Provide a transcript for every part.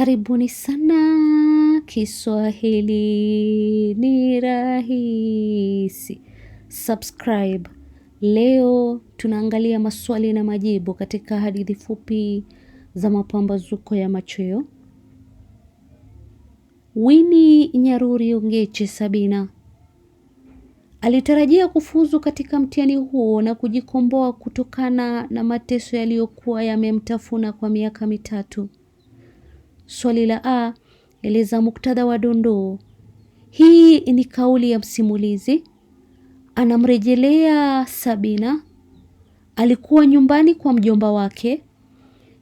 Karibuni sana. Kiswahili ni rahisi. Subscribe. Leo tunaangalia maswali na majibu katika hadithi fupi za mapambazuko ya machweo. wini Nyaruri Ongeche Sabina alitarajia kufuzu katika mtihani huo na kujikomboa kutokana na mateso yaliyokuwa yamemtafuna kwa miaka mitatu. Swali la a, eleza muktadha wa dondoo. Hii ni kauli ya msimulizi, anamrejelea Sabina. Alikuwa nyumbani kwa mjomba wake.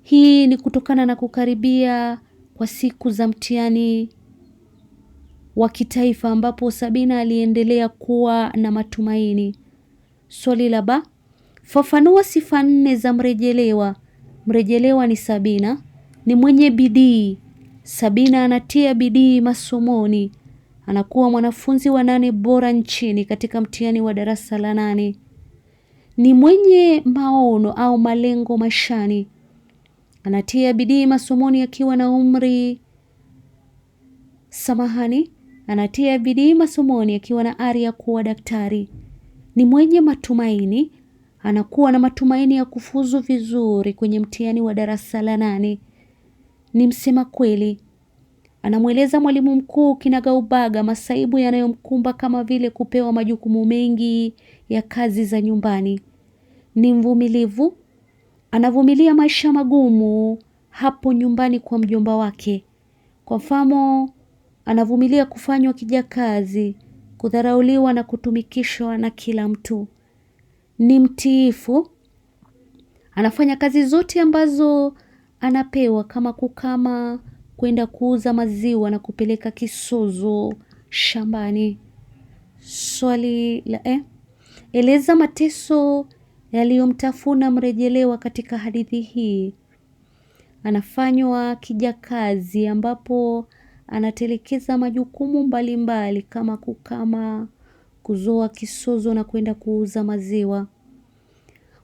Hii ni kutokana na kukaribia kwa siku za mtihani wa kitaifa ambapo Sabina aliendelea kuwa na matumaini. Swali la ba, fafanua sifa nne za mrejelewa. Mrejelewa ni Sabina ni mwenye bidii. Sabina anatia bidii masomoni, anakuwa mwanafunzi wa nane bora nchini katika mtihani wa darasa la nane. Ni mwenye maono au malengo maishani, anatia bidii masomoni akiwa na umri samahani, anatia bidii masomoni akiwa na ari ya kuwa daktari. Ni mwenye matumaini, anakuwa na matumaini ya kufuzu vizuri kwenye mtihani wa darasa la nane ni msema kweli. Anamweleza mwalimu mkuu kinagaubaga masaibu yanayomkumba kama vile kupewa majukumu mengi ya kazi za nyumbani. Ni mvumilivu, anavumilia maisha magumu hapo nyumbani kwa mjomba wake. Kwa mfano, anavumilia kufanywa kijakazi, kudharauliwa na kutumikishwa na kila mtu. Ni mtiifu, anafanya kazi zote ambazo anapewa kama kukama, kwenda kuuza maziwa na kupeleka kisozo shambani. Swali la eh, eleza mateso yaliyomtafuna mrejelewa katika hadithi hii. Anafanywa kijakazi ambapo anatelekeza majukumu mbalimbali mbali kama kukama, kuzoa kisozo na kwenda kuuza maziwa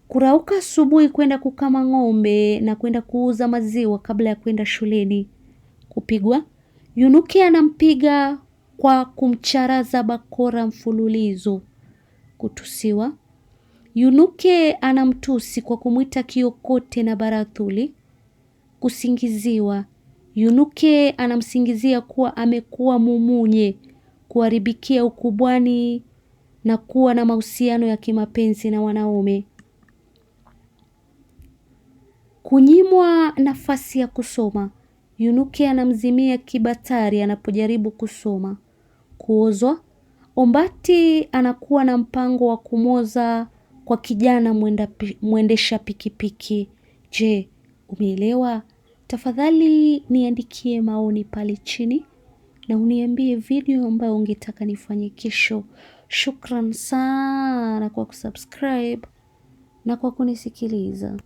kurauka asubuhi kwenda kukama ng'ombe na kwenda kuuza maziwa kabla ya kwenda shuleni. Kupigwa, Yunuke anampiga kwa kumcharaza bakora mfululizo. Kutusiwa, Yunuke anamtusi kwa kumwita kiokote na barathuli. Kusingiziwa, Yunuke anamsingizia kuwa amekuwa mumunye, kuharibikia ukubwani na kuwa na mahusiano ya kimapenzi na wanaume. Kunyimwa nafasi ya kusoma. Yunuke anamzimia Kibatari anapojaribu kusoma. Kuozwa. Ombati anakuwa na mpango wa kumwoza kwa kijana mwenda mwendesha pikipiki. Je, umeelewa? Tafadhali niandikie maoni pale chini na uniambie video ambayo ungetaka nifanye kesho. Shukran sana kwa kusubscribe na kwa kunisikiliza.